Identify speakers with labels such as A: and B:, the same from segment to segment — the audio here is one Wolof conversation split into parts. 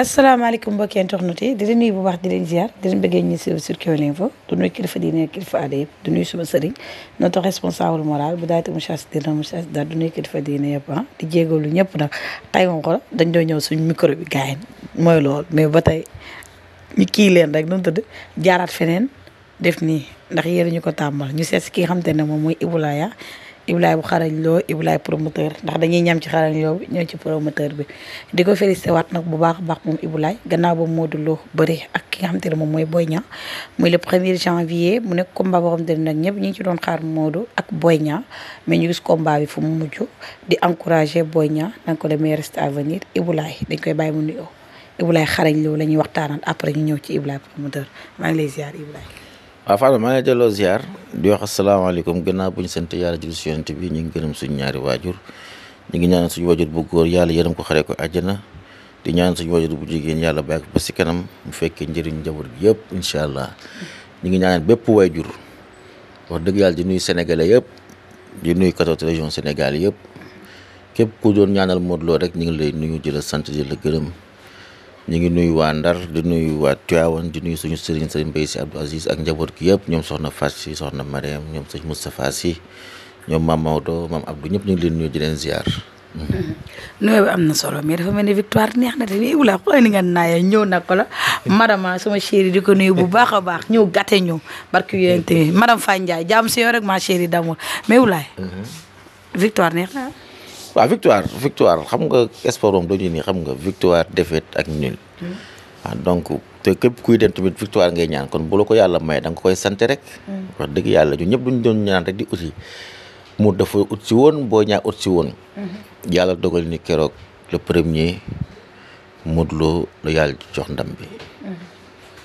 A: asalaamaaleykum mbokki internet yi di leen nuyu bu baax di leen ziar di leen bëggee ñu suivre sur Kewel Info du nuyu kilifa diine kilifa aada yëpp du nuyu suma sëriñ notre responsable moral bu daay te yëpp ah di jéegalu ñëpp nag tey nga dañ doo ñëw suñ micro bi mooy loolu mais ba tey ñu kii leen rek doon tëdd jaaraat feneen def nii ndax yéen ñu ko tàmbal ñu seet ki nga xamante ne moom mooy Ibou Laya Ibrahima bu xarañ loo Ibrahima promoteur ndax dañuy ñam ci xarañ loo bi ñoo ci promoteur bi di ko félicité waat nag bu baax a baax moom Ibrahima gannaaw ba Modou Lo bëri ak ki nga xamante ne moom mooy Boy Niang muy le premier janvier mu nekk combat boo xamante ne nag ñëpp ñi ngi ci doon xaar Modou ak Boy Niang mais ñu gis combat bi fu mu mujj di encouragé Boy Niang nanga ko le meilleur reste à venir dañ koy bàyyi mu nuyoo Ibrahima xarañ loo la ñuy waxtaanal après ñu ñëw ci Ibrahima promoteur maa ngi lay ziar Ibrahima
B: waaw Fadma maa ngi delloo ziar di wax asalaamaaleykum gannaaw bu ñu sant yàlla jël si yonent bi ñu ngi gërëm suñu ñaari waajur ñu ngi ñaanal suñu waajur bu góor yàlla yërëm ko xare ko àjjana di ñaan suñu waajur bu jigéen yàlla bàyyi ko ba si kanam mu fekkee njëriñ njaboot yëpp incha allah ñu ngi ñaanal bépp waajur wax dëgg yàlla di nuy sénégalais yëpp di nuyu 14 région Sénégal yëpp képp ku doon ñaanal Modou rek ñu ngi lay nuyu di la sant di la gërëm. ñu ngi nuyu waa Ndar di nuyu waa Tivaouane di nuyu suñu sëriñ sëriñ Mbaye Sy Abdou Aziz ak njaboot gi yëpp ñoom soxna Fatou Sy soxna Mariam ñoom sëñ Moustapha Sy ñoom maam Maodo maam Abdou ñëpp ñu ngi leen nuyu di leen ziar.
A: nuyoo bi am na solo mais mel ni victoire neex na te ni wula xool ni nga naayee ñëw na ko la madame sama chérie di ko nuyu bu baax a baax ñëw gàtte ñëw barki yéen tamit madame Faye Ndiaye jaam si yow rek ma chérie d'amour mais wulaay mhm. victoire neex na
B: waa victoire victoire xam nga sport moom dañuy nii xam nga victoire défaite ak nul. waaw hmm. ah, donc te képp kuy dem tamit victoire ngay ñaan kon bu la ko yàlla may da koy sant rek. Hmm. wax dëgg yàlla ñun ñëpp duñ doon ñaan rek di uti mu dafa ut si woon boo ñaa ut si woon. Hmm. yàlla dogal ni keroog le premier Modou Lo la yàlla jox ndam bi.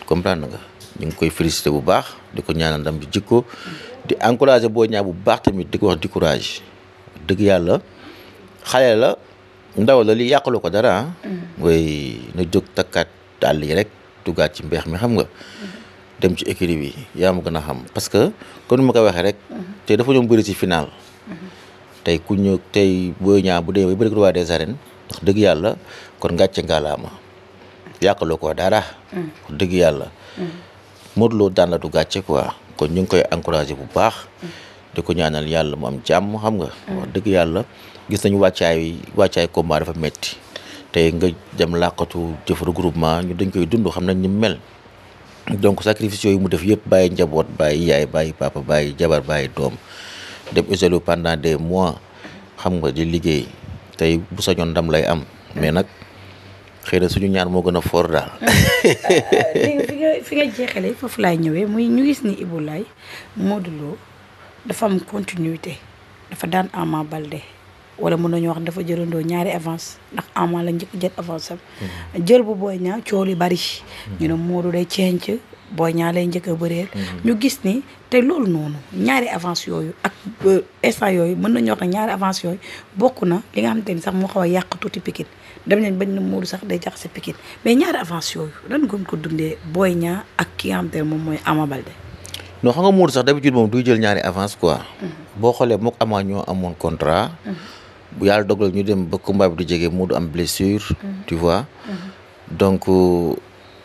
B: comprendre nga ñu ngi koy félicité bu baax di ko ñaanal ndam bi jikko di encouragé boo ñaa bu baax tamit di ko wax di yàlla. xale la ndaw la li yàqalu ko dara ah. mm-hmm. way na jóg takkaat dàll yi rek duggaat ci mbeex mi xam nga mm-hmm. dem ci écurie bi yaa ma gën a xam parce que comme ma ko waxee rek mm-hmm. te dafa ñoom bëri ci final tey ku ñëw tey Boy Niang bu dee bay bëri roi des arènes dëgg yàlla kon ngàcce ngaalaama yàqaloo ko dara dëgg yàlla Modou daan la du gàcce quoi kon ñu ngi koy encouragé bu baax di ko ñaanal yàlla mu am jàmm xam nga dëgg yàlla gis nañu wàccaay wàccaay combat dafa metti tey nga dem làqatu jëf regroupement ñu dañ koy dund xam nañ ni mel donc sacrifice yooyu mu def yëpp bàyyi njaboot bàyyi yaay bàyyi papa bàyyi jabar bàyyi doom dem isolé pendant de mois xam nga di liggéey tey bu sañoon ndam lay am mais nag xëy na suñu ñaar moo gën a foor daal.
A: fi nga fi nga jeexalee foofu laay ñëwee muy ñu gis ni ibu Laye Modou Lo dafa am continuité dafa daan Ama balde wala mën nañu wax dafa jëlandoo ñaari avance ndax Ama la njëkk jël avance am. Mhm. jël bu booy Niang coow li bari. Mhm. ñu ne Modou day cenc Boy Niang lay njëkk a mhm. ñu gis ni te loolu noonu ñaari avance yooyu ak euh, instant yooyu mën nañu wax ne ñaari avance yooyu bokk na li nga xamante ni sax moo xaw a yàq tuuti Pikine dem nañ bañ na Modou sax day jaxase Pikine mais ñaari avance yooyu lan nga dundee Boy Niang ak ki nga xamante ne moom mooy Ama Baldé.
B: non xam nga Modou sax d'habitude moom duy jël ñaari avance quoi. boo xoolee mook Ama ñoo amoon contrat. bu yàlla dogal ñu dem ba combat bi du jege mu du am blessure. Mhm. tu vois. Mhm. donc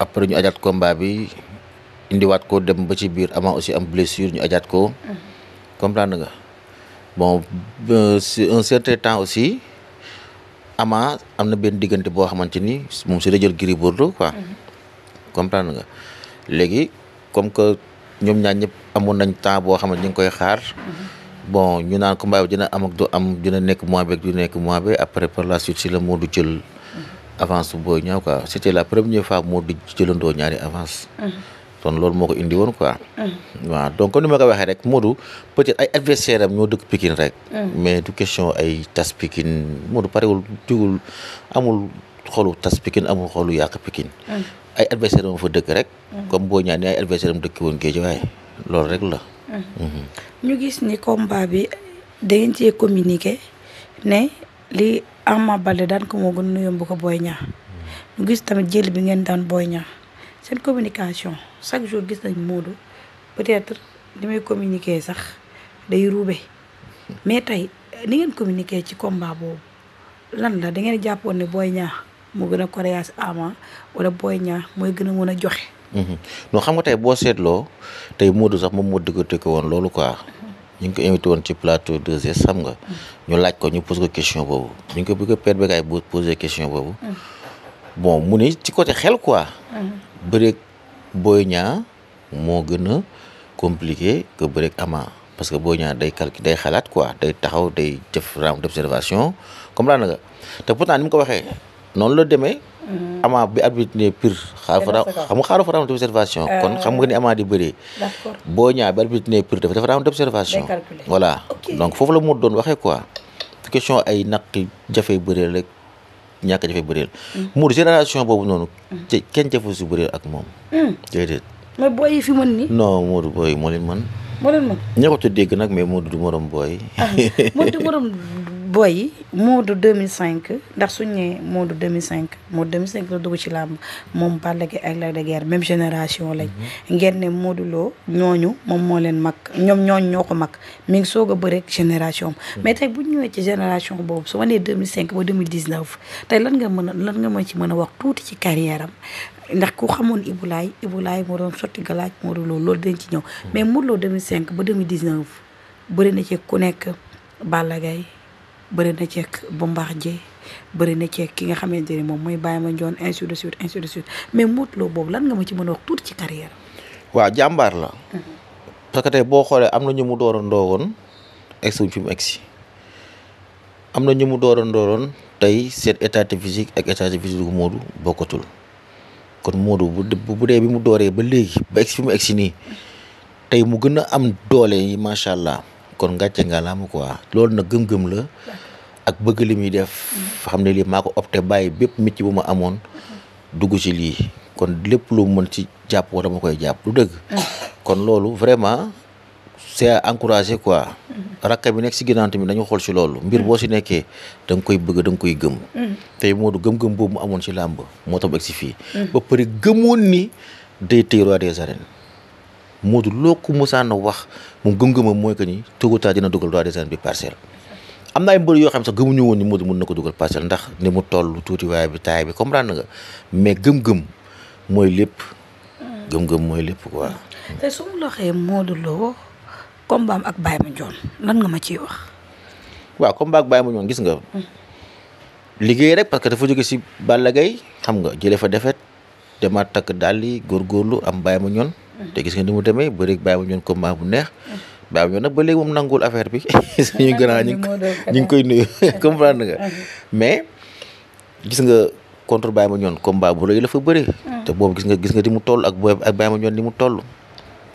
B: après ñu ajaat combat bi indiwaat ko dem ba ci biir avant aussi am blessure ñu ajaat ko. Mhm. comprendre nga bon c'est euh, un certain temps aussi. ama am na benn diggante boo xamante ni moom si la jël Gris Bordeaux quoi. comprendre nga léegi comme que ñoom ñaar ñëpp amoon nañ temps boo xam ne koy xaar. bon ñu naan combat bi dina am ak du am nekk mois bi ak nekk mois bi après par la suite si la du jël avance bu Boy Niang quoi c' était la première fois Modou jëlandoo ñaari avance. kon loolu moo ko indi woon quoi. waaw donc comme ni ma ko waxee rek moo du être ay adversaire am ñoo dëkk Pikine rek. mais du question ay tas Pikine Modou parewul digul amul xolu tas Pikine amul xolu yàq Pikine. ay adversaire am fa dëkk rek. comme boo ñaan ni ay adversaire am dëkk woon géej waaye loolu rek
A: ñu gis ni combat bi da ngeen cee communiqué ne li Ama Baldé daan ko moo gën a yomb ko booy Niang ñu gis tamit jël bi ngeen daan booy Niang seen communication chaque jour gis nañ Modou peut-être li muy communiqué sax day ruube mais tey ni ngeen communiqué ci combat boobu lan la da ngeen jàppoon ne booy Niang moo gën a koréas Ama wala booy Niang mooy gën a mën a joxe
B: Mhm. non xam nga tey boo seetloo tey Modou sax moom moo dëgg ko woon loolu quoi. ñu ngi ko invité woon ci plateau 2 es xam nga. ñu laaj ko ñu posé ko question boobu. ñu ngi ko bi ko père Bécaye boo posé
C: mhm.
B: mu ne ci côté xel quoi. Mhm. bëreeg Boy Niang moo gën a compliqué que bëreeg Ama parce que Boy ñaar day calcul xalaat quoi day taxaw day def ram d'observation comme laa daanaka te pourtant ni mu ko waxee. noonu la demee. Mm-hmm. ama bi arbitre ne pire. xaaru Fara xam nga xaaru euh, kon xam nga ni ama di bëree. boo ñaa bi arbitre ne pire dafa dafa am d'observation. voilà donc foofu la mu doon waxee quoi. question ay naq jafe bëreel rek ñàkk jafe bëreel. muur mm. génération boobu noonu. Mm. kenn jafe su bëreel ak moom. Mm. déedéet. mooy booy booy moo leen mën. moo dégg nag mais Modou du morom booy. Ah,
A: boy yi Modou 2005 ndax suñu nee Modou 2005 Modou 2005 la dugg ci làmb moom Balla Gaye ak Lac de Guiers même génération lañ. Mhm. ngeen ne Modou Lo ñooñu moom moo leen mag ñoom ñooñu ñoo ko mag mi ngi soog a bëreeg génération mhm. mais tey bu ñu ñëwee ci génération boobu su ma nee 2005 ba 2019 tey lan nga mën a lan nga mën ci mën a wax tuuti ci carrière am ndax ku xamoon Ibou Laye Ibou Laye moo doon sotti galaaj Modou Lo loolu dañ ci ñëw mhm. mais Modou Lo 2005 ba 2019 bëri na ci ku nekk Balla Gaye bëri na ceek Bombardier bëri na ceek ki nga xamante ni moom mooy Baye Mandione ainsi de suite ainsi de suite mais Modou Lo boobu lan nga ma ci mën a wax tuuti ci
B: carrière waa jàmbaar la. Mm-hmm. parce que boo xoolee am na ñu mu door a ndoowoon egg si mu egg am na ñu mu door tey seen état de physique ak état de physique bu Modou bokkatul kon Modou bu bu dee bi mu dooree ba léegi ba egg fi mu egg si nii tey mu gën a am doole yi macha allah. kon ngàcce nga laa ma loolu na gëm-gëm la ak bëgg li muy def xam ne lii maa ko opté bàyyi bépp métier bu ma amoon dugg ci lii kon lépp lu mën ci jàpp wala ma koy jàpp lu dëgg kon loolu vraiment c'est à encourager quoi rakka bi nekk si ginnaaw tamit dañu xool si loolu mbir boo si nekkee da koy bëgg da koy gëm tey moo du gëm-gëm boobu mu amoon si làmb moo tax ba egg si fii ba pare gëmoon ni day tey roi des Modou loo ko mosaan a wax moom gëm-gëmam mooy que ni tôt ou dina dugal droit des arènes bi parcelle. am na ay mbër yoo xam sax gëmuñu woon ni Modou mun na ko dugal parcelle ndax ni mu toll tuuti waaye bi taay bi comprendre nga mais gëm-gëm mooy lépp. gëm mooy lépp quoi.
A: te Lo combat am ak Baye Mandione lan nga ma ciy wax.
B: waaw combat ak Baye Mandione gis nga. liggéey rek parce que dafa jóge si Balla Gaye xam nga jëlee fa defet demaat takk dàll yi góorgóorlu am baay ma Mandione te gis nga ni mu demee bëri bàyyi wu ñu woon combat bu neex. bàyyi wu ñu nag ba léegi moom nanguwul affaire bi suñu grand ñu ngi koy nuyu comprendre nga mais gis nga. contre Baye Mandione combat bu rëy la fa bëri. Ah. te boobu gis nga gis nga di mu toll ak booy ak Baye ni mu toll.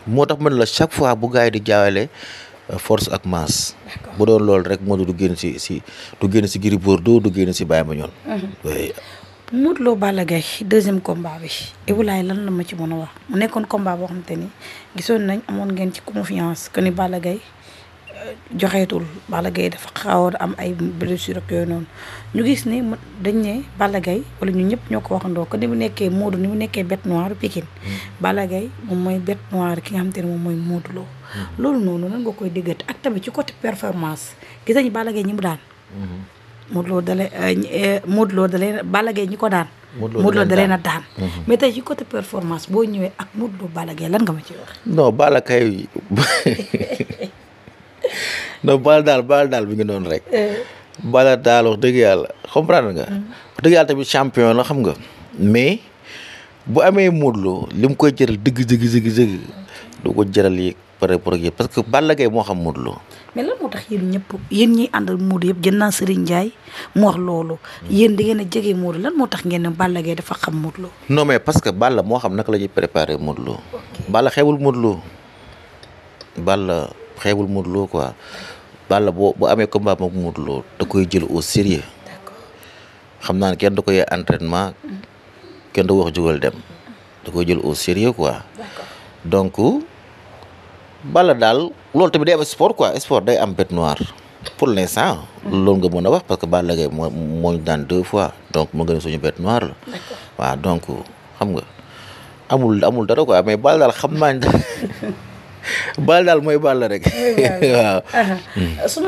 B: moo tax mën la chaque fois bu gars yi di jaawale euh, force ak masse. bu doon loolu rek moo du génn si si du génn si Gris Bordeaux du génn si Baye Mandione.
A: Modou Lo Balla Gaye deuxième combat bi Ibulaay lan la ma ci mën a wax mu nekkoon combat boo xamante ni gisoon nañ amoon ngeen ci confiance que ni Balla Gaye euh, joxeetul Balla Gaye dafa xawoon am ay blessure ak yooyu noonu ñu gis ni dañ ne Balla Gaye wala ñu ñëpp ñoo ko waxandoo que ni mu nekkee Modou ni mu nekkee bête noire Pikine mm. Balla Gaye moom mooy bête noire ki nga xamante ne moom mooy Modou Lo mm. loolu noonu nan nga koy déggat ak tamit ci côté performance gis nañu Balla Gaye ñi mu daan
C: mm-hmm.
A: Modou Lo dalee euh, euh, Modou Lo dalee Balla Gaye ñi ko daan. Modou Lo dalee na daan mhm. mais tey ci côté performance boo ñëwee ak Modou Lo Balla Gaye lan nga ma ci wax.
B: non Balla daal Balla daal bi nga doon rek. Euh. bala daal wax dëgg yàlla comprendre nga. Mhm. wax dëgg yàlla tamit champion la xam nga mais. bu amee Modou loo li mu koy jëral dëgg dëgg dëgg dëgg du ko jëral yi par rapport ak parce que Balla Gaye moo xam Modou Lo.
A: mais lan moo tax yéen ñëpp yéen ñiy àndal Modou yëpp gën naa Serigne Ndiaye moo wax loolu yéen di ngeen a jege Modou lan moo tax ngeen ne Balla Gaye dafa xam Modou Lo.
B: non mais parce que Balla moo xam naka la ñuy préparé Modou Lo. Balla xeebul Modou Lo. Balla xeebul Modou Lo quoi Balla boo bu amee combat moom Modou Lo da koy jël au sérieux. xam naa ne kenn du ko yee entraînement. Mm. kenn du wax jugal dem da koy jël au sérieux quoi donc bala daal loolu tamit day am sport quoi sport day am bête noire pour l' instant. loolu nga mën a wax parce que Balla Gaye moo moo ñu daan deux fois donc mu nga ne suñu la. waaw donc xam nga amul amul dara quoi mais Balla daal xam naa Balla daal mooy Balla rek. waaw. Uh-huh. Hmm.
A: su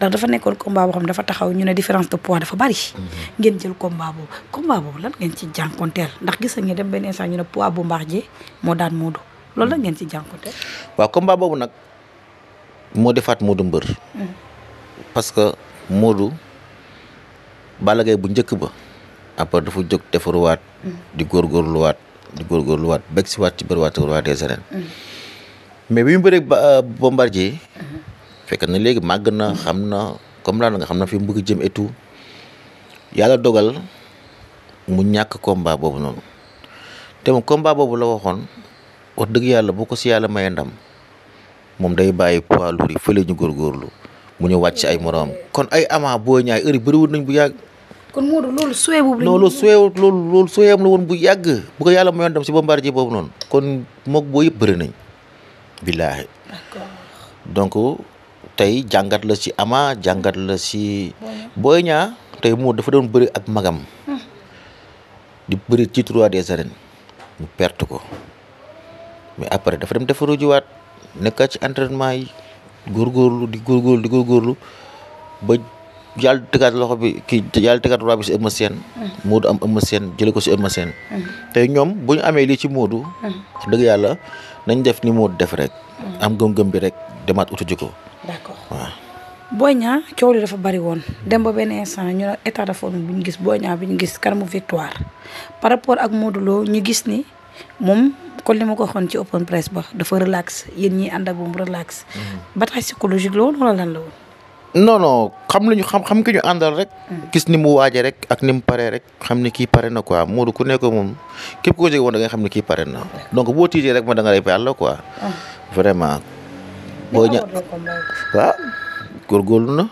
A: ndax dafa nekkoon combat boo xam dafa taxaw ñu ne différence de poids dafa bari. Mhm. ngeen jël combat boobu combat boobu lan ngeen ci jànkonteel ndax gis nga dem benn instant ñu ne poids bu mbaax ji moo daan Modou loolu lan ngeen ci jànkonteel.
B: waaw combat boobu nag moo defaat Modou mbër. Mhm. parce que Modou Balla Gaye bu njëkk ba. après dafa jóg defaruwaat. Mhm. di góorgóorluwaat di góorgóorluwaat beg si waat ci bëriwaat ci des arènes. mais bi mu bëree ba euh, fekk na léegi màgg na xam na comme daal nanga xam na fi mu bëgg jëm et yàlla dogal mu ñàkk komba boobu noonu te mu combat boobu la waxoon wax dëgg yàlla bu ko si yàlla maye ndam moom day bàyyi poids lourd yi fële ñu góor góorgóorlu mu ñu wàcc ay moroom kon ay ama boo ñaay heure yi bëriwul nañ bu yàgg.
A: kon Modou loolu suwee boobu.
B: loolu bu yàgg bu ko yàlla mayoon ndam si bombardier boobu noonu. kon moog boo yëpp bëri nañ. billaahi. tey jàngat la ci Ama jàngat la ci Boy Niang tey moo dafa doon bëri ak magam di bëri ci trois des arènes mu perte ko mais après dafa dem defaru jiwaat nekkaat ci entraînement yi góorgóorlu di góorgóorlu di góorgóorlu ba yàlla tëggaat loxo bi kii yàlla tëggaat roi bi si Eumeu Sène Modou am Eumeu Sène jële ko si Eumeu Sène tey ñoom bu ñu amee lii ci Modou dëgg yàlla nañ def ni Modou def rek am gëm-gëm bi rek demaat utu ko d'accord
A: waaw. Boy Niang coow li dafa bari woon dem ba benn instant ñu ne état de forme bi ñu gis boo Niang bi ñu gis kanamu victoire par rapport ak Modou Lo ñu gis ni moom kon li ma ko waxoon ci open press ba dafa relax yéen ñi ànd ak moom relax. Mhm. bataille psychologique la woon wala lan la woon.
B: non non xam nañu xam xam ki ñu àndal rek. Mhm. gis ni mu waaje rek ak ni mu paree rek xam ne kii pare na quoi Modou ku nekk moom képp ku ko jege woon da nga xam ni kii pare na donc boo tiitee rek ma da nga lay yàlla quoi. Ah. vraiment. boo ña waaw góorgóorlu na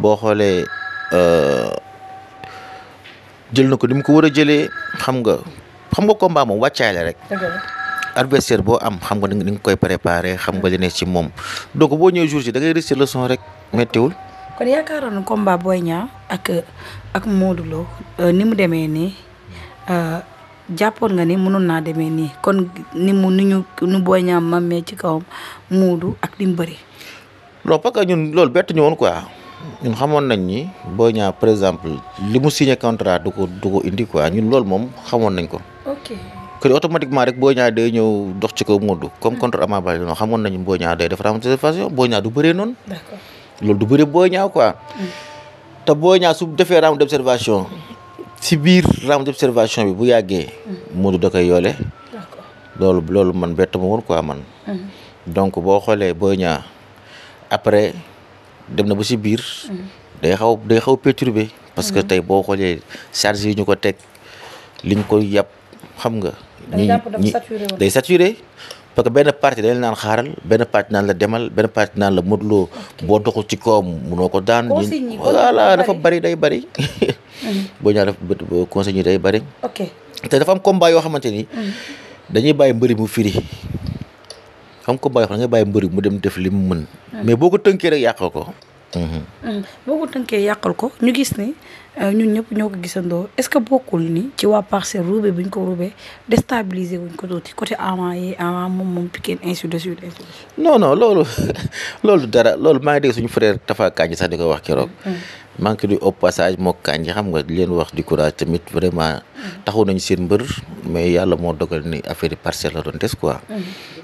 B: boo xoolee euh, jël na ko ni ko war a jëlee xam nga xam nga combat moom wàccaay la rek. adversaire boo am xam nga ni nga koy préparé xam nga li ne ci moom donc boo ñëwee jour si da ngay rester leçon rek méttiwul.
A: kon yaakaaroon na combat Boy Niang ak ak Modou euh, demee nii. Euh, jàppoon nga ni mënoon naa demee nii kon ni mu ni ñu nu booy ñaam mammee ci kawam muudu
B: ak li mu bëri. non parce que ñun loolu bett ñu ñun xamoon nañ ni booy ñaa par exemple li mu signé contrat du ko du ko indi quoi ñun loolu moom xamoon nañ ko. ok que automatiquement rek booy ñaa day ñëw dox ci kaw muudu comme contre Ama Baldé non xamoon nañ booy ñaa day de renforcement booy ñaa du bëree noonu. d'accord loolu du bëree booy ñaa quoi. Mm. te booy ñaa su defee si biir round d'observation bi bu yàggee. Mhm. moo da koy yoole. loolu man bett ma woon quoi man. Mhm. donc boo xoolee boo Niang après dem na ba si biir. Mhm. day xaw day xaw bi parce que tey boo xoolee charge yi ñu ko teg liñ ko yàpp xam nga. ñi day saturé parce que benn parti dañ naan xaaral benn parti la demal benn parti naan la boo doxul ci kawam munoo ko daan. bari day bari. Mm. boo ñëwaat day bari. ok te dafa am combat yoo xamante ni. Mm. dañuy bàyyi mbëri mu firi. am combat yoo xam ne bàyyi mbëri mu dem def li mu mën. Mm. mais boo ko tënkee rek yàq ko. Mm-hmm.
A: Mm-hmm. boo ko tënkee yàqal ko ñu gis ni euh, ñun ñëpp ñoo ko gisandoo est-ce que bokkul ni ci waa parcelle ruube bi ñu ko ruubee déstabiliser wuñ ko tuuti côté avant yi avant moom moom Pikine ainsi de suite ainsi de
B: suite non non loolu loolu dara loolu maa ngi dégg suñu frère Tafa Kanji sax di ko wax keroog. maa ngi ko di au passage moo Kanji xam nga di leen wax di courage tamit vraiment. Mm-hmm. taxu nañu seen mbër mais yàlla moo dogal ni affaire yi la doon des quoi.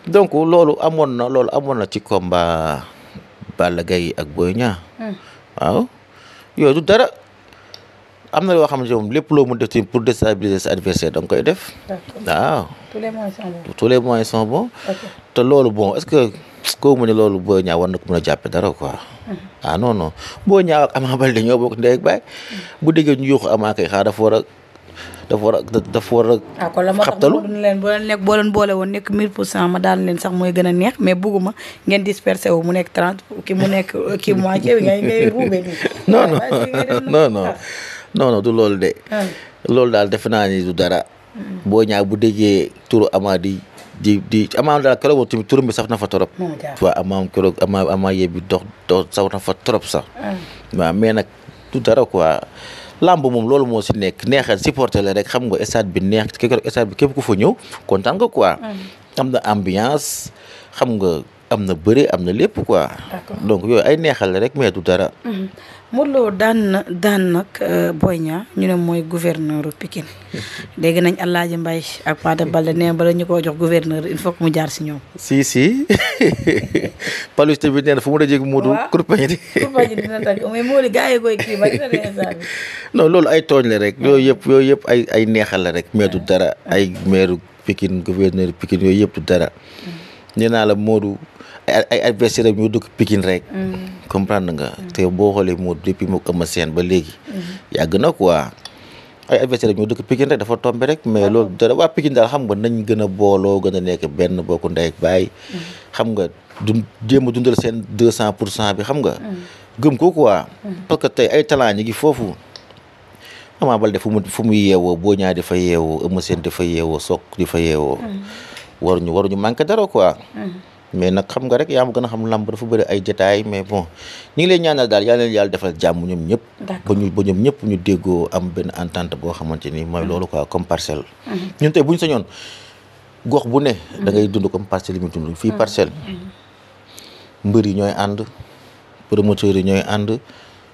B: donc loolu amoon na loolu amoon Balla Gaye ak Boy Niang hmm. waaw yooyu dara am na loo xamante ne moom lépp loo mun def ci pour déstabiliser sa adversaire da nga koy def. waaw. tous les moyens sont te loolu bon est-ce que koo mu loolu Boy Niang war na ko mën a jàppe dara quoi. Hmm. ah non non Boy Niang ak Ama Baldé ñoo bokk ndey ak baay hmm. bu déggee ñu yuuxu Ama kay xaar dafa war dafa war a dafa a.
A: Ah, kon la moo tax boo leen nekk boo leen boole woon nekk 1000 pour cent ma daan leen sax mooy gën a neex mais bugguma ngeen dispersé wu mu nekk 30 ki mu nekk ki moitié bi ngay ngay ruubee
B: non ah. non non du loolu de. Ah. daal defe naa ni du dara. Mm. boo ñaaw bu déggee turu Ama di di di Ama daal keroog tamit turam bi saf na fa trop. waaw Ama keroog Ama Ama yee bi dox saf na fa trop sax. waaw du dara quoi. làmb moom loolu moo si nekk neexal supporter la rek xam nga stade bi neex ki ko stade bi képp ku fa ñëw kontaan nga quoi. Mm. am na ambiance xam nga am na bëre am na lépp quoi. donc yooyu ay neexal la rek mais du dara.
A: Mm-hmm. Modou Lo daan na daan nag euh, Boy ñaa ñu ne mooy gouverneur pikin léegi nañ Alaaji Mbay ak Paate Balde nee bala ñu koo jox gouverneur il faut que mu jaar si ñoom.
B: si si Pallou bi nee na fu mu dajee Modou. waaw kurpañ di
A: kurpañ
B: loolu ay tooñ la rek yooyu yëpp yooyu yëpp ay ay neexal la rek. mais du dara ay maire Pikine gouverneur Pikine yooyu yëpp du dara. Mm. nee naa la Modou. ay adversaire ñu dëkk Pikine rek. Mm. comprendre nga. Mm. te boo xoolee moo depuis mu Eumeu Sène ba léegi. Mm-hmm. yàgg na quoi ay adversaire ñu dëkk Pikine rek dafa tombé rek mais ah. loolu dara waa Pikine daal xam nga nañ gën a booloo gën a nekk benn bokku ndey ak baay. Mm-hmm. xam nga du jéem a dundal seen deux cent pour cent bi xam nga. Mm. gëm ko quoi. Mm-hmm. parce que tey ay talent ñi ngi foofu. Ama Baldé fu mu fu mu yeewoo boo ñaar di fa yeewoo Eumeu Sène di fa yeewoo Sokh di fa yeewoo. waruñu waruñu manqué dara mais nag xam nga rek yaa ma gën a xam làmp dafa bari ay détails mais bon ñu ngi lay ñaanal daal yal na yàlla defal jàmm ñoom ñëpp. ba ñu ba ñoom ñëpp ñu déggoo am benn entente boo xamante ni mooy mm-hmm. loolu quoi comme parcelle. Mm-hmm. ñun tey bu ñu sañoon gox bu ne. Mm-hmm. da ngay dund comme parcelle yi mu dund fii parcelle. mbër yi ñooy ànd promoteurs yi ñooy ànd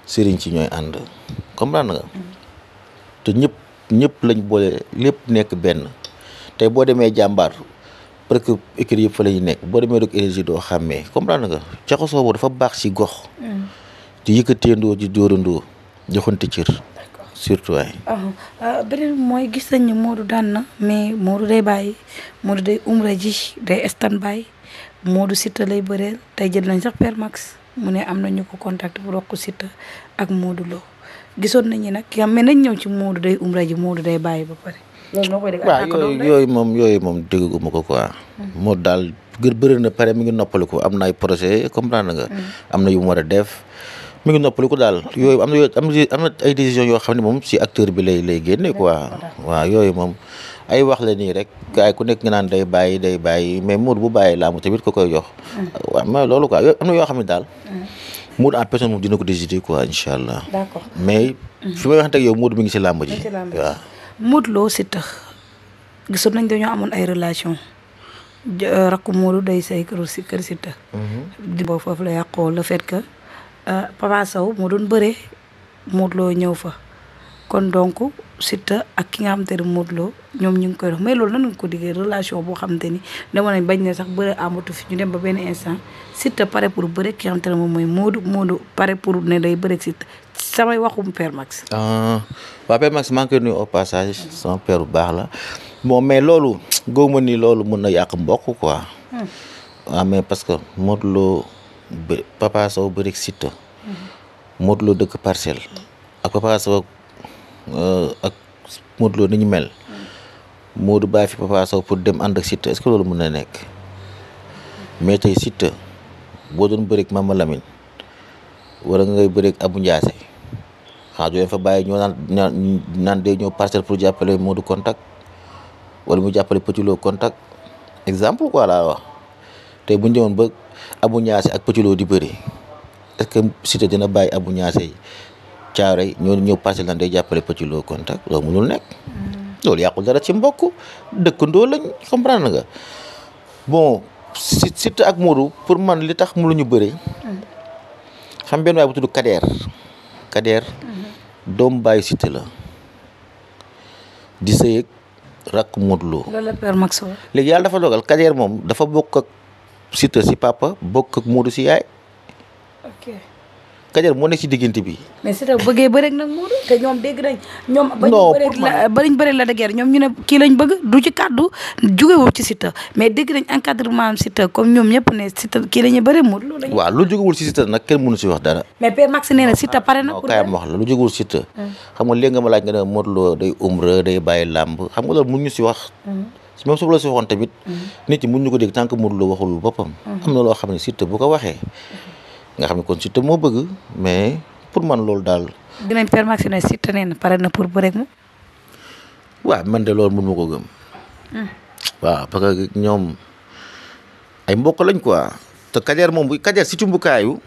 B: sëriñ si ñooy ànd comprendre nga. te ñëpp ñëpp lañ boole lépp nekk benn tey boo demee jàmbaar. parce que écurie yëpp fa la nekk boo demee rek énergie doo xàmmee comprendre nga jaxasoo boobu dafa baax ci gox. Hmm. di yëkkateendoo di dóorandoo joxante cër. surtout waay.
A: Ah, ah, beneen bi mooy gis nañ ni Modou daan na mais Modou day bàyyi moo day umra ji day stand by Modou Siteu lay bëreel tey jël nañ sax Permax mu ne am na ñu ko contact bu rokku Siteu ak Modou Lo gisoon nañ ni nag yaa mais nañ ñëw ci moo day umra ji Modou day bàyyi ba pare. loolu yooyu
B: moom yooyu moom dégguma ko quoi. Mm-hmm. moo daal gën bëri na pare mi ngi noppaliku am na ay projet comprendre nga. Mm-hmm. am na yu mu def. mi ngi noppaliku daal yooyu am na am na ay décision yoo xam ne moom si acteur bi lay lay génne quoi. waaw yooyu moom ay wax la nii rek gars ku nekk nga naan day bàyyi day bàyyi mais muur bu bàyyi laamu tamit ko koy jox. Mm-hmm. waaw mais loolu am na yoo xam ne daal. muur en personne moom dina ko décider quoi incha allah. d'accord mais fi may waxanteeg yow muur mi ngi si làmb ji waaw.
A: Modou Lo Siteu gisoon nañ dañoo amoon ay relation euh, rakku Modou day say kër si kër Siteu
B: mm-hmm.
A: foofu la yàqoo la fait que euh, Papa Sow moo doon bëree Modou loo ñëw fa kon donc Siteu ak ki nga xam ne Modou loo ñoom ñu ngi koy dox mais lool na nga ko diggee relation boo xamante ni demoon nañ bañ ne sax bëre amatu fi ñu dem ba benn instant Siteu pare pour bëre ki nga xamante ne moom mooy Modou Modou pare pour ne day bëre Siteu samay waxum Père
B: Max. Ah, waa Père Max maa ngi koy nuyu au passage sama père bu baax la bon mais loolu góoma ni loolu mën na yàq mbokk quoi. waaw hmm. ah, mais parce que Modou Lo bëri ak Siteu. Modou dëkk parcelle. ak Papa Sow euh, ak Modou Lo ni ñu mel. Modou bàyyi fi Papa Sow pour dem ànd ak Siteu est loolu mën na nekk mais tey Siteu boo doon bëri ak Mama Lamine wala ngay bëri ak Abou Ndiassé xaaju leen fa bàyyi ñoo naan naan day ñëw parcelle pour jàppale Modou contact wala mu jàppale Petit Lo contact exemple quoi laa wax tey bu ñu demoon ba ak Petit di bëri est que Siteu dina bàyyi Abou Niasse caaro yi ñoo ñëw parcelle naan day jàppale Petit Lo contact loolu mënul nekk. loolu yàqul dara ci mbokk dëkkandoo lañ comprendre nga bon Siteu ak Modou pour man li tax mënuñu bëri. xam benn waay bu tudd Kader Kader. Mm. doom bàyyi Siteu la di sëy ak rakk Modou Lo.
A: loolu
B: léegi yàlla dafa dogal Kader moom dafa bokk ak Siteu si papa bokk ak Modou si yaay. Kajoor moo nekk ci diggante bi.
A: mais si la bëggee bëreeg nag Modou te ñoom dégg nañ. ñoom ba ñu bëreeg la ba ñu bëreeg la dëgër ñoom ñu ne kii lañ bëgg du ci kàddu jugewul ci Siteu mais dégg nañ la ñuy bëreeg Modou.
B: waaw lu jugewul ci Siteu nag kenn mënu si wax dara.
A: mais Père Max nee na Siteu pare na. pour kayam
B: wax la lu jugewul hmm. day umra day bàyyi làmb xam nga loolu mënuñu si wax. Hmm. même su si waxoon tamit. Hmm. nit ñi mënuñu ko dégg tant que Modou waxul boppam. am na loo xam ne Siteu bu ko waxee nga xam ne kon Siteu moo bëgg mais pour man loolu daal.
A: dinañ permettre ne Siteu nee pare na pour bëre ak moom.
B: waaw man de loolu mun ma ko gëm. Hmm. waaw parce que ñoom ay mbokk lañ quoi te Kader moom bu Kader si cumbukaayu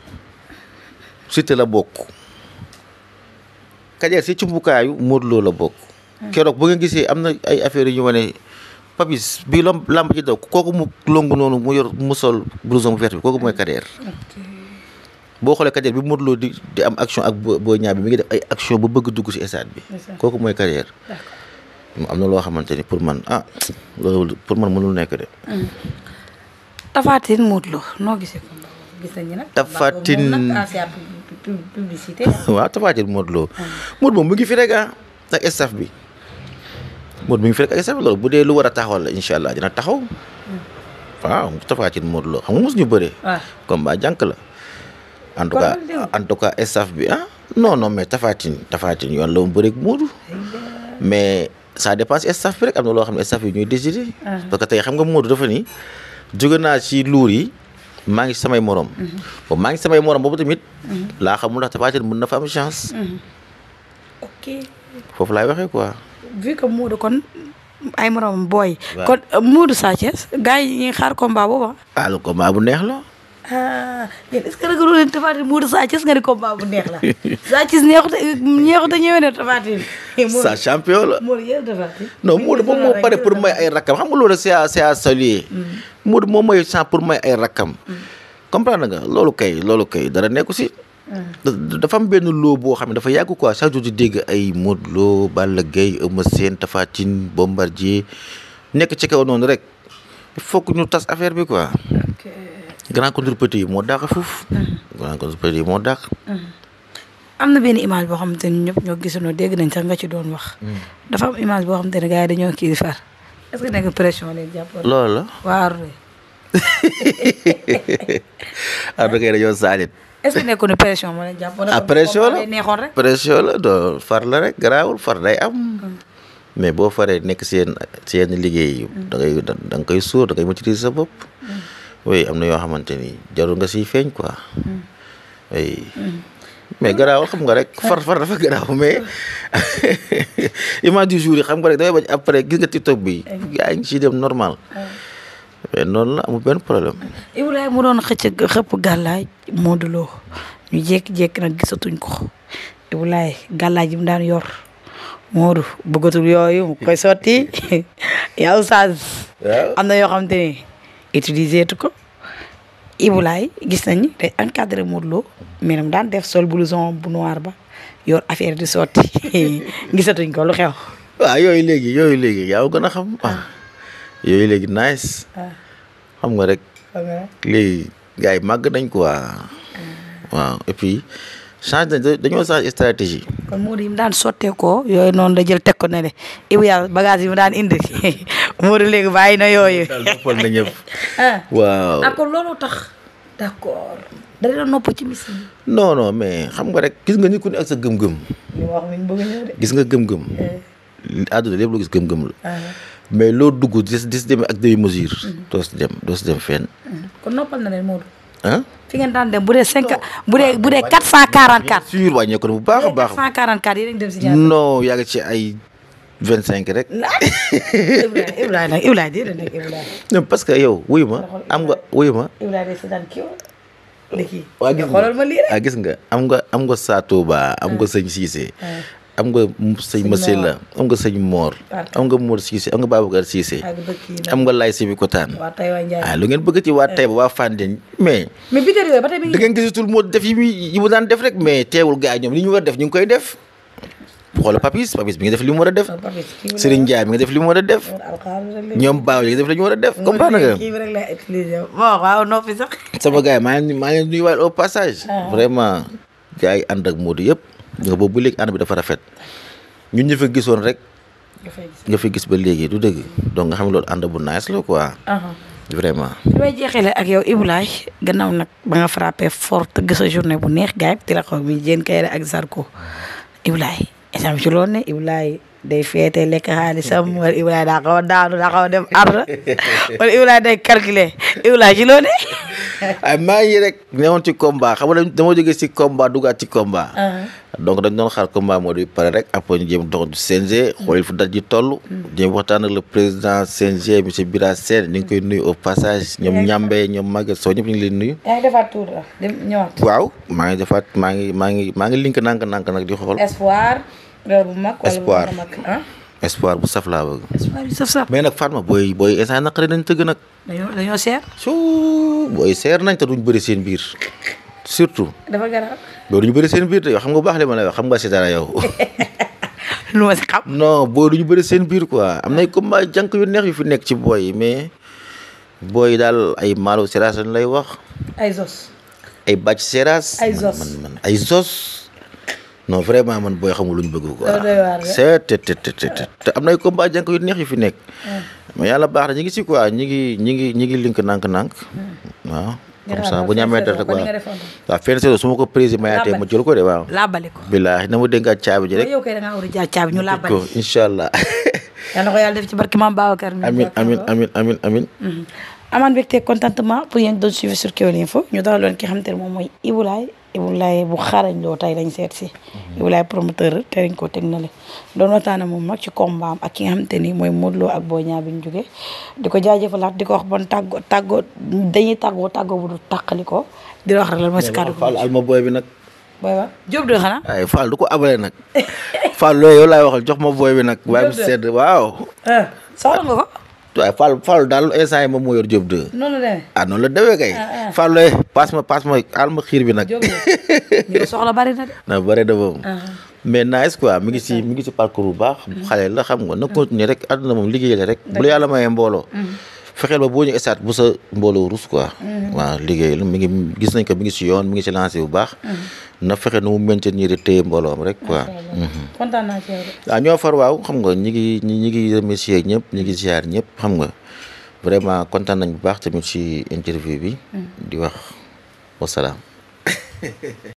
B: Siteu la bokk Kader si cumbukaayu Modou Lo la bokk. Hmm. keroog bu nga gisee am na ay affaires yu ñu wane Papis bi lom làmb ci daw kooku mu longu noonu mu yor mu sol blouson bu vert bi kooku mooy hmm. Kader. boo xoolee carrière bi Modou Lo di am action ak Boy Niang bi ngi def ay action bëgg dugg ci stade bi. kooku mooy carrière. am na loo xamante ni pour man ah loolu pour man mënul nekk de.
A: Hmm. Tapha Tine Modou Lo noo gisee ko. Ah, hmm. mu
B: ngi fi ah, ak staff bi. Modou mi ngi fi rek ak staff bi loolu bu dee lu war a taxawal la incha allah dina taxaw. Hmm. waaw Tapha Tine Modou xam nga mosuñu bëree. waaw combat jànk la. en tout cas en tout cas staff bi ah. non non mais Tafatine Tafatine yoon la mu bëreeg Moodu mais ça dépend si bi rek am na loo xam ne staff yi ñooy décider. Ah. parce que tey xam nga Moodu dafa ni naa ci luur yi maa ngi samay morom. Mhm. boobu maa ngi samay morom boobu tamit. Mhm. laa xamul ndax Tafatine mën na fa am chance.
A: Mhm. ok
B: foofu laay waxee quoi.
A: kon. ay moroom booy. kon Modou Sa Thiès xaar combat booba.
B: ah le combat neex la.
A: mais est ce Sa a a ñëwee na Taphatine. sa champion la Modou yële Taphatine.
B: non Modou moom moo pare pour may ay pour may ay rakkam. Mm. comprendre nga loolu kay dara nekku si.
C: Mm.
B: dafa am benn boo xam ne dafa yàgg quoi chaque jour di dégg ay Modou Lo Balla Gaye Eumeu Sène Bombardier nekk ci kaw noonu rek il ñu tas affaire bi quoi. grand contre petit moo dàq foofu. Mm-hmm. grand contre moo dàq.
A: Mm-hmm. am na benn image boo xamante ni ñëpp ñoo gisoon dégg nañ sax nga ci doon wax. Mm. dafa am image boo xamante ne gars yi dañoo kii far est-ce que nekk pression lañ la waaw.
B: ah da ngay dañoo saalit. est-ce que nekkul
A: ne pression moo leen jàppoon. ah pression la neexoon rek. pression
B: far la rek garaawul far day am. Mm. mais boo faree nekk seen seen liggéey. Mm. da ngay da nga koy sóor da ngay maîtriser sa oui am na yoo xamante ni jarul nga siy feeñ quoi. Mm. oui. Mm. mais garaaw xam nga rek far far dafa garaaw mais image du jour yi xam nga rek damay bañ après gis nga TikTok bi. yaa ngi ciy dem normal. mais noonu la amul benn problème. Ibrahima mu
A: doon xëcc xëpp gàllaay Modou Lo ñu jékki-jékki nag gisatuñ ko Ibrahima gàllaay ji mu daan yor Modou bëggatul yooyu mu koy sotti yow Sadio. am na yoo xamante ni. utilise tu ko Ibulaay gis nañu day encadré Modou Lo maanaam daan def sol blouson bu noir ba yor affaire di sotti gisatuñ ko lu xew.
B: waaw yooyu léegi yooyu léegi yaa gën a xam ah. Ah. yooyu léegi nice ah. xam nga rek léegi gars yi màgg nañ quoi waaw change nañ dañoo change stratégie.
A: kon Modou yi mu daan sotteekoo yooyu noonu da jël teg ne de Ibou Yàlla bagage yi mu daan indi Modou léegi
B: bàyyi na yooyu. daal noppal na ñëpp.
A: Ah. waaw ah, d'accord loolu da la nopp ci misi
B: non non mais xam nga rek gis nga nit ne ak sa gëm-gëm.
A: li wax ni bëgg
B: gis nga gëm-gëm. Eh. àdduna lépp lu gis gëm-gëm la. Ah. mais loo dugg dis dis demee ak demi mesure. Mm-hmm. doo si dem doo ah. fi
A: ngeen daan dem bu dee cinq bu dee bu dee quatre cent quarante quatre.
B: sûr wàññeeku na bu baax a baax. cent
A: quarante quatre yéen a ngi dem si
B: non yaa ngi ci ay vingt cinq rek. Ibrahima non parce que yow wuyu ma am nga wuyu ma.
A: Ibrahima si daan
B: gis nga am nga am nga Sa Touba am nga ah. sëñ Cissé. Ah. am nga sëñ Massi la am nga sëñ Mor am nga Mor Cissé am nga Babacar Cissé am nga Laay Sibi Kotaan
A: ah lu ngeen
B: bëgga ci waa Taïba waa Fandène mais mais bi tey ba moo def yi muy yi mu daan def rek mais teewul gars yi ñoom li ñu war a def ñu ngi koy def xoolal papis papis bi nga li mu a def Serigne Ndiaye mi nga def li mu war a def ñoom baaw yi def li ñu war a def
A: nga waaw noppi sax
B: sama gars yi maa leen maa leen a au passage ah. vraiment gars yi ànd ak Modou yëpp nga boobu ba léegi ànd bi dafa rafet ñun ñu fa gisoon rek. nga fi gis ba léegi du dëgg donc nga xam ne loolu ànd bu nice la a uh-huh. vraiment.
A: li may jeexalee ak yow Ibou Laye gannaaw nag ba nga frappé forte gis sa journée bu neex gaay ti la xaw mi jéen kayre ak Zarko Ibou Laye exemple daa xaw a daanu daa xaw a dem ar wala day calculer Ibou Laye loolu
B: ay maa ngi rek newoon ci combat xam nga dama jógee si combat dugaat ci combat. Ah. donc dañ doon xaar combat moo di pare rek après ñu jéem dox du CNG. fu daj ji toll. Mm. jéem waxtaan ak la président CNG monsieur Bira Sène ñu ngi koy nuy au passage ñoom ñàmbee ñoom Maguette Sow ñëpp ñu ngi leen nuyu. Ah, waaw maa ngi defaat maa ngi maa ngi maa ngi link nank nank nag di xool. espoir. espoir bu saf laa bëgg. espoir bu ma saf. mais booy booy instant naqari nañ tëgg nag.
A: dañoo dañoo seer. suu
B: booy seer nañ te duñ bëri seen biir surtout. dafa garaaw. booy duñu bëri seen biir te yow xam nga baax li ma lay wax xam nga si dara yow. lu ma si xam. non booy duñu bëri seen biir quoi am nay combat jànk yu neex yu fi nekk ci booy yi mais booy daal ay maalo seras lañ lay wax. ay zos. ay bàcc ay zos ay zos. non vraiment man booy xamul lu ñu bëgg ko seet te te te te am na ay combat jànk yu neex yu fi nekk mais yàlla baax na ñi ngi si quoi ñi ngi ñi ngi ñi ngi link nànk-nànk hmm. waaw comme ça bu ñu amee dara rek waaw waaw fenn seetlu su ma ko prise mayaatee ma jël ko de waaw laabale ko na ma déggaat caabi rek
A: yow kay da ngaa war a jaar caabi ñu laabale ko incha allah yàlla na ko yàlla def ci barki maam Babacar amin amin amin amin hmm. contentement pour yéen doon suivre sur Kewel Info ñu dalaloon ki xamante ne moom mooy Ibou Ibulaay bu xarañ loo tey lañ seet si. Ibulaay promoteur teriñ ko teg na le doon waxtaan moom nag ci combat am ak ki nga xamante ni mooy Modou Lo ak Boy Niang bi ñu jógee di ko jaajëfalaat di ko wax bon tàggoo tàggoo dañuy tàggoo tàggoo bu du tàqali ko di la
B: wax rek lan mooy si kàddu Fall alma booy bi nag. booy ba Diop de xanaa. waaye Fall du ko abalale nag Fall loolu yow laay wax jox ma booy bi nag. waaye mu sedd waaw. Ah, soxla waaye Fallou Fallou daal instant yi moom moo yor Diop 2. noonu la demee ah noonu la demee kay. Ah, ah. Fallou eh paas ma paas ma àll ma xiir bi nag. na
A: de.
B: na bari na moom. Ah, mais nice quoi mi ngi si mi ngi si parcours bu baax. Mm-hmm. xale la xam nga na mm-hmm. continuer rek àdduna moom liggéey la rek. mbooloo. Mm-hmm. fexeel ba boo ñu estaat bu sa mbooloo rus quoi. Mhm. liggéey la mi ngi gis nañ ko mi ngi si yoon mi ngi si lancé bu baax. Mhm. na fexe nu mu maintenir téye mbooloom rek quoi. Mhm.
A: kontaan naa ci yow
B: ñoo far waaw xam nga ñi ngi ñi ngi remercier ñëpp ñi ngi ziar ñëpp xam nga vraiment kontaan nañ bu baax tamit si interview bi. di wax wasalaam.